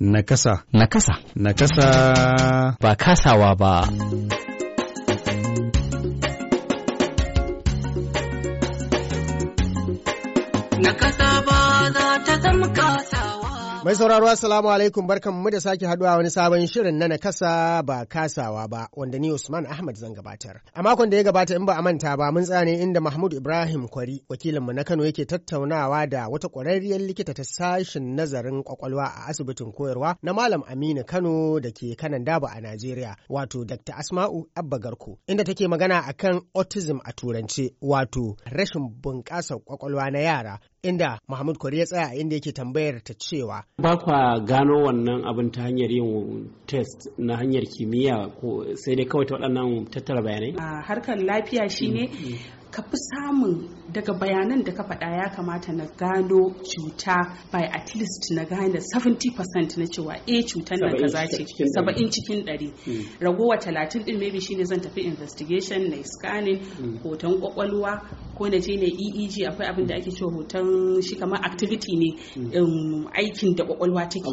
Nakasa. Nakasa. Nakasa. Ba kasawa ba. Nakasa ba za ta zama kasa. Mai sauraro Assalamu alaikum barkan mu da sake haduwa wani sabon shirin na nakasa ba kasawa ba wanda ni Usman Ahmad zan gabatar. A makon da ya gabata in ba a manta ba mun tsane inda Mahmud Ibrahim Kwari wakilin mu na Kano yake tattaunawa da wata ƙwararriyar likita ta sashin nazarin kwakwalwa a asibitin koyarwa na Malam Aminu Kano da ke kanan daba a Najeriya wato Dr. Asma'u Abba Garko inda take magana akan autism a turance wato rashin bunƙasar kwakwalwa na yara inda Muhammad Kwari ya tsaya inda yake tambayar ta cewa ba kwa gano wannan abin ta hanyar yin test na hanyar kimiyya ko sai dai kawai ta waɗannan tattara bayanai a harkar lafiya shine mm, mm. ka fi samun daga bayanan da ka faɗa ya kamata na gano cuta by at least na gane 70% na cewa a eh, cutar nan kaza ce 70 cikin 100 mm. ragowa talatin ɗin maybe shine zan tafi investigation na scanning hoton kwakwalwa ko na je ne eeg akwai abin da ake cewa hoton shi kamar activity ne mm. um, aikin da kwakwalwa take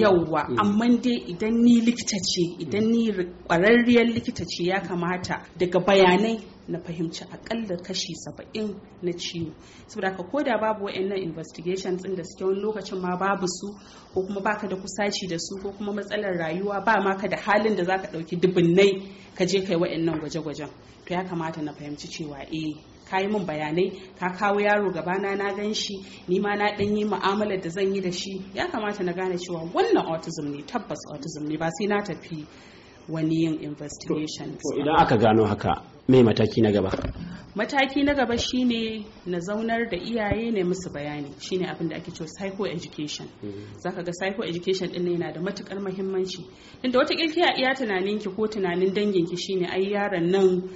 yauwa mm. amma dai idan ni likita ce idan ni mm. kwararriyar likita ce ya kamata daga bayanai na fahimci akalla kashi saba'in na ciwo saboda haka koda da babu wa'annan investigations din da suke wani lokacin ma babu su ko kuma baka da kusaci da su ko kuma matsalar rayuwa ba ma ka da halin da zaka dauki dubunnai ka je kai wa'annan gwaje-gwajen to ya kamata na fahimci cewa eh ka yi min bayanai ka kawo yaro gabana na gan shi ni ma na ɗan yi mu'amalar da zan yi da shi ya kamata na gane cewa wannan autism ne tabbas autism ne ba sai na tafi wani yin investigation idan aka gano haka mai mataki na gaba mataki na gaba shine na zaunar da iyaye ne musu bayani shine abin da ake cewa psycho education mm-hmm. zaka ga psycho education din yana da matukar muhimmanci inda wata kirki a iya tunanin ki ko tunanin dangin ki shine ai yaron nan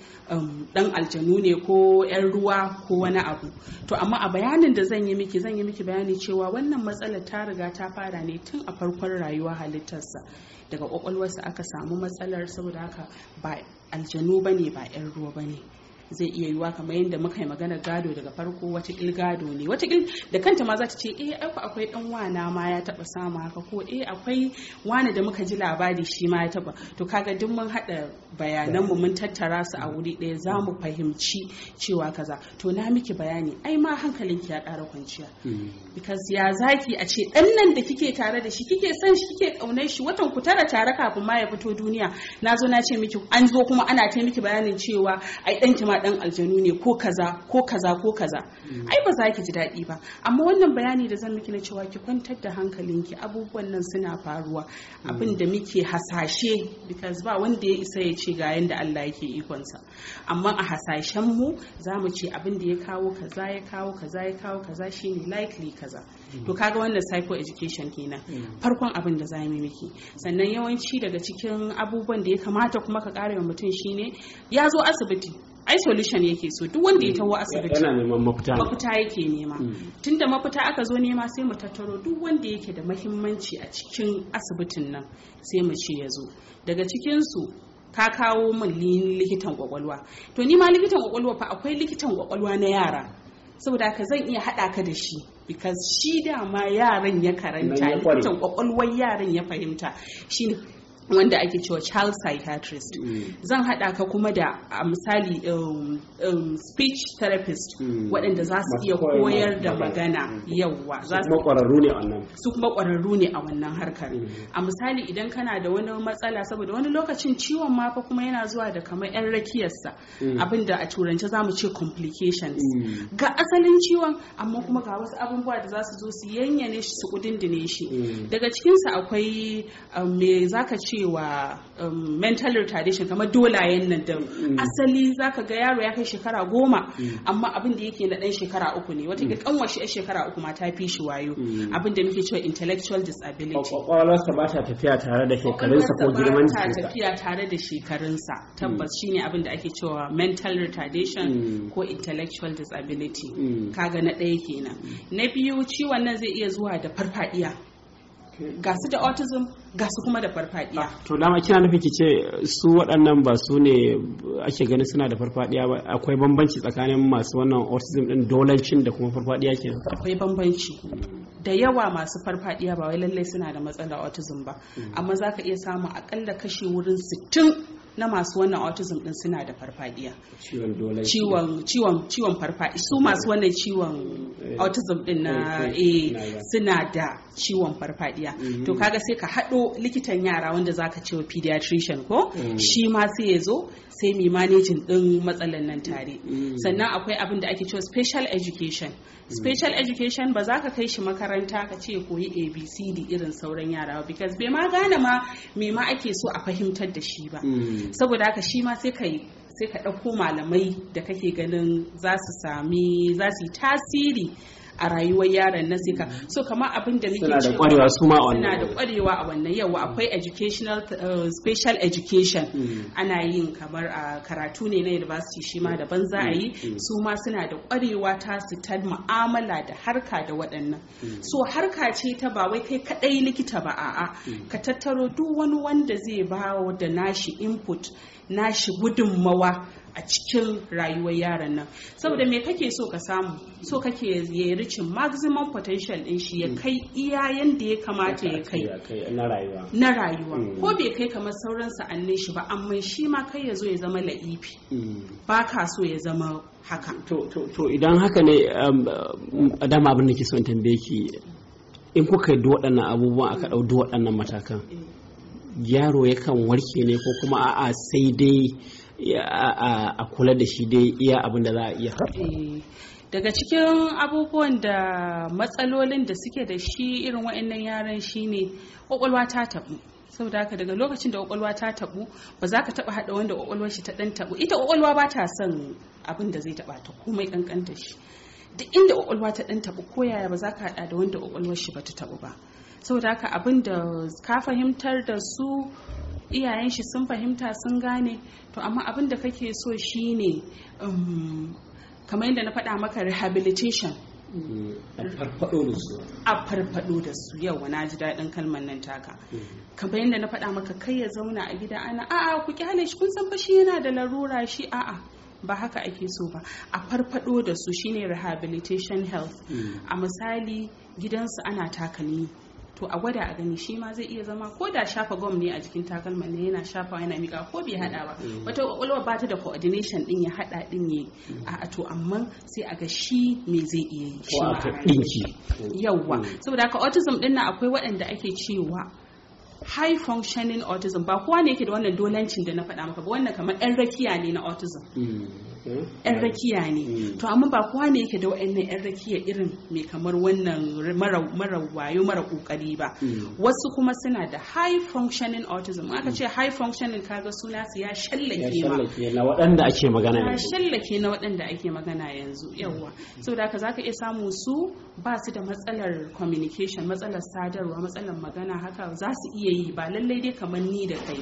dan um, aljanu ne ko yan ruwa ko wani abu to amma a bayanin da zan yi miki zan yi miki bayani cewa wannan matsalar ta riga ta fara ne tun a farkon rayuwa halittarsa daga kwakwalwarsa aka samu matsalar saboda haka ba aljanu bane ba yan ruwa bane zai iya yiwa kamar yadda muka yi magana gado daga farko wata gado ne wata da kanta ma za ta ce eh akwai dan wana ma ya taba samu haka ko eh akwai wani da muka ji labari shi ma ya taba to kaga duk mun hada bayanan mu mun tattara su a wuri ɗaya za mu fahimci cewa kaza to na miki bayani ai ma hankalinki ya ƙara kwanciya mm. because ya zaki a ce dan nan da kike tare da shi kike san shi kike kaunar shi watan ku tara tare kafin ma ya fito duniya na zo na ce miki an zo kuma ana ta miki bayanin cewa ai danki ma dan aljanu ne ko kaza ko kaza ko kaza ai ba za ki ji daɗi ba amma wannan bayani da zan miki na cewa ki kwantar da hankalinki abubuwan nan suna faruwa abin da muke hasashe because ba wanda ya isa ya ce ga yanda Allah yake ikonsa amma a hasashen mu za mu ce abin da ya kawo kaza ya kawo kaza ya kawo kaza shine likely kaza to kaga wannan psycho education kenan farkon abin da za miki sannan yawanci daga cikin abubuwan da ya kamata kuma ka kare wa mutum shine ya zo asibiti ai solution yake so duk wanda ya taho asibiti yana neman mafita mafita yake nema hmm. tunda mafita aka zo nema sai mu tattaro duk wanda yake da mahimmanci a cikin asibitin nan sai mu ce ya zo daga cikin su ka kawo min likitan kwakwalwa to ni ma likitan kwakwalwa fa akwai likitan kwakwalwa na yara saboda haka zan iya haɗa ka da shi because shi dama yaran ya karanta likitan kwakwalwar yaran ya fahimta shi wanda ake cewa child psychiatrist mm. zan haɗa ka kuma da a misali um, um, speech therapist mm. waɗanda za su iya koyar da magana mm. za su kuma ƙwararru ne a wannan su kuma ƙwararru ne a wannan harkar mm. a misali idan kana da wani matsala saboda wani lokacin ciwon ma fa kuma yana zuwa da kamar yan rakiyarsa mm. abinda a turance za mu ce complications mm. ga asalin ciwon amma kuma ga wasu abubuwa da za su zo su yanyane shi su kudindine shi daga cikinsa akwai um, me zaka ce gujewa um, mental retardation kamar dolayen nan da mm. asali zaka ga yaro ya kai shekara goma mm. amma abin da yake na dan shekara uku ne wata kanwa mm. shi shekara uku ma ta fi shi wayo abin da muke cewa intellectual disability kwakwalwarsa ba ta tafiya tare da shekarunsa ko girman jikinsa ba ta tafiya tare da shekarunsa tabbas shine abin da ake cewa mental retardation ko intellectual disability kaga na ɗaya kenan na biyu ciwon nan zai iya zuwa da farfadiya ga su da autism ga kuma da farfadiya ah, to dama kina nufi ki ce eh, su waɗannan ba su ne eh, ake ganin suna da farfadiya ba akwai bambanci tsakanin masu wannan autism din dolancin da kuma farfadiya ke akwai bambanci da yawa masu farfadiya ba wai lallai suna da matsalar autism ba hmm. amma zaka iya samu akalla kashi wurin sittin. na masu wannan autism din suna da farfadiya ciwon ciwon su masu wannan ciwon eh, autism din na eh, eh, suna da ciwon farfadiya mm-hmm. to kaga sai ka hado likitan yara wanda zaka ce wa pediatrician ko mm. shi ma sai ya zo sai mai manejin din matsalan nan tare mm. sannan akwai abin da ake cewa special education mm. special education ba za ka kai shi makaranta ka ce koyi abcd irin sauran yara because bai ma gane ma me ma ake so a fahimtar da shi ba saboda haka shi ma sai ka yi sai ka ɗauko malamai da kake ganin za su sami za su yi tasiri a rayuwar yaran na sika so kamar abin da muke cewa suna da kwarewa su ma wannan suna a wannan yau akwai educational uh, special education mm. ana yin kamar a uh, karatu ne na university shi ma daban za a yi mm, mm. su ma suna da kwarewa ta su ta mu'amala da harka da waɗannan so harka ce ta ba wai kai kadai likita ba a'a ka tattaro duk wani wanda zai ba da nashi input nashi gudunmawa a cikin rayuwar yaron nan saboda me kake so ka samu so kake ya ricin maximum potential din shi ya mm. kai iya yadda ya kamata ya kai na rayuwa mm. ko bai kai kamar sauran sa'annin shi ba amma shi ma kai ya zo ya zama la'ifi mm. ba ka so ya zama haka to idan haka ne um, um, dama abin da ke son tambaye ki in kuka yi waɗannan abubuwan aka ɗau waɗannan matakan yaro yakan warke ne ko kuma a'a sai dai a kula da shi dai iya abin da za a iya eh, daga cikin abubuwan da matsalolin da suke da shi irin wa'annan yaran shine kwakwalwa ta tabu saboda haka daga lokacin da kwakwalwa ta tabu ba za ka taba hada wanda kwakwalwar shi ta dan tabu ita kwakwalwa ba ta son abin da zai taba ta komai kankanta shi duk inda kwakwalwa ta dan tabu ko yaya ba za ka hada da wanda kwakwalwar shi ba ta tabu ba saboda haka abin da ka fahimtar da su iyayen shi sun fahimta sun gane to amma abin da kake so shine ne um, kamar yadda na faɗa maka rehabilitation mm. a farfado da su yawa na ji daɗin kalmar nan taka mm. kamar yadda na faɗa maka kai ya zauna a gida ana a'a ku kyale shi kun san fa yana da larura shi a'a ba haka ake so ba a farfado da su shine rehabilitation health mm. a misali gidansu ana takalmi to a gwada a gani shi ma zai iya zama ko da shafa gom ne a jikin takalma ne yana shafa yana mika ko bai hada ba mm, mm. wata kwakwalwa ba ta da coordination din ya hada din ya mm. a to amma sai a ga shi me zai iya yi shi ma yawwa saboda haka autism din na akwai waɗanda ake cewa high functioning autism ba kowa ne yake da wannan dolancin da na faɗa maka ba wannan kamar ɗan rakiya ne na autism yan rakiya ne hmm. to amma ba kowa ne yake da wa'annan yan rakiya irin mai kamar wannan mara wayo mara kokari ba hmm. wasu kuma suna da high functioning autism aka ce high functioning kaga suna su ya shallake ma na waɗanda ake magana yanzu shallake na waɗanda ake magana yanzu yawwa hmm. saboda haka zaka iya samu su ba su da matsalar communication matsalar sadarwa matsalar magana haka za su iya yi ba lallai dai kamar ni da kai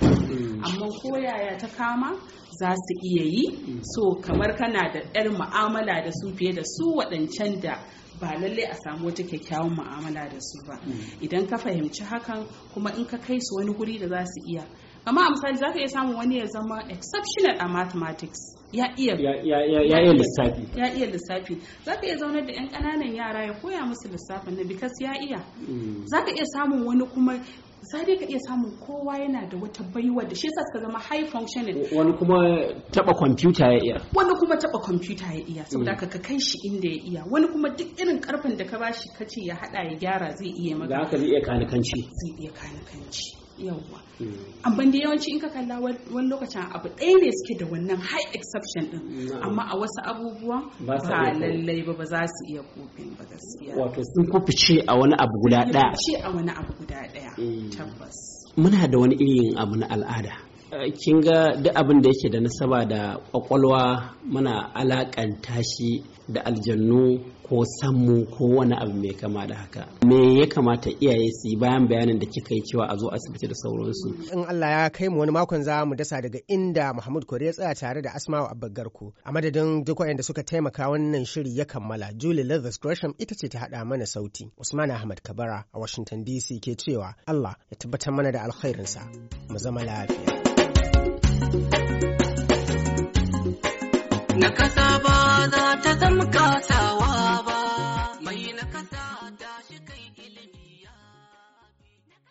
amma ko yaya ta kama za su iya yi so kamar kana da yar mu'amala da su fiye da su waɗancan da ba lallai a samu wata kyakkyawan mu'amala da su ba mm. idan ka fahimci hakan kuma in ka kai su wani guri da za su iya amma a misali za ka iya samun wani ya zama exceptional a mathematics ya iya lissafi ya iya lissafi za ka iya zaunar da 'yan ƙananan yara ya koya musu lissafin na bikas ya iya mm. za ka iya samun wani kuma sai dai ka iya samun kowa yana da wata baiwa da shi yasa suka zama high functioning wani kuma taba kwamfuta ya iya wani kuma taba kwamfuta ya iya saboda mm. ka ka kai shi inda ya iya wani kuma duk irin karfin da ka bashi kace ya hada ya gyara zai iya maka da haka zai iya kanikanci zai iya kanikanci yawwa hmm. amma da yawanci in ka kalla wani lokacin abu ɗaya ne suke da wannan high exception din hmm. amma a wasu abubuwan ba lallai ba ba za su iya kofin ba gaskiya wato sun ce a wani abu guda ɗaya a wani abu guda ɗaya tabbas muna da wani irin abu na al'ada Eh, kin ga duk abin da yake da nasaba da kwakwalwa mana alakanta shi da aljannu ko sammu ko wani abu mai kama da haka me ya kamata iyaye su yi bayan bayanin da kika yi cewa a zo asibiti da sauransu in Allah ya kai mu wani makon za mu dasa daga inda Muhammad Kore ya tsaya tare da Asma'u Abbagarku a madadin duk waɗanda suka taimaka wannan shiri ya kammala Julie Leathers Gresham ita ce ta haɗa mana sauti Usman Ahmad Kabara a Washington DC ke cewa Allah ya tabbatar mana da alkhairinsa mu zama lafiya Na kasa ba za ta zama kasawa ba.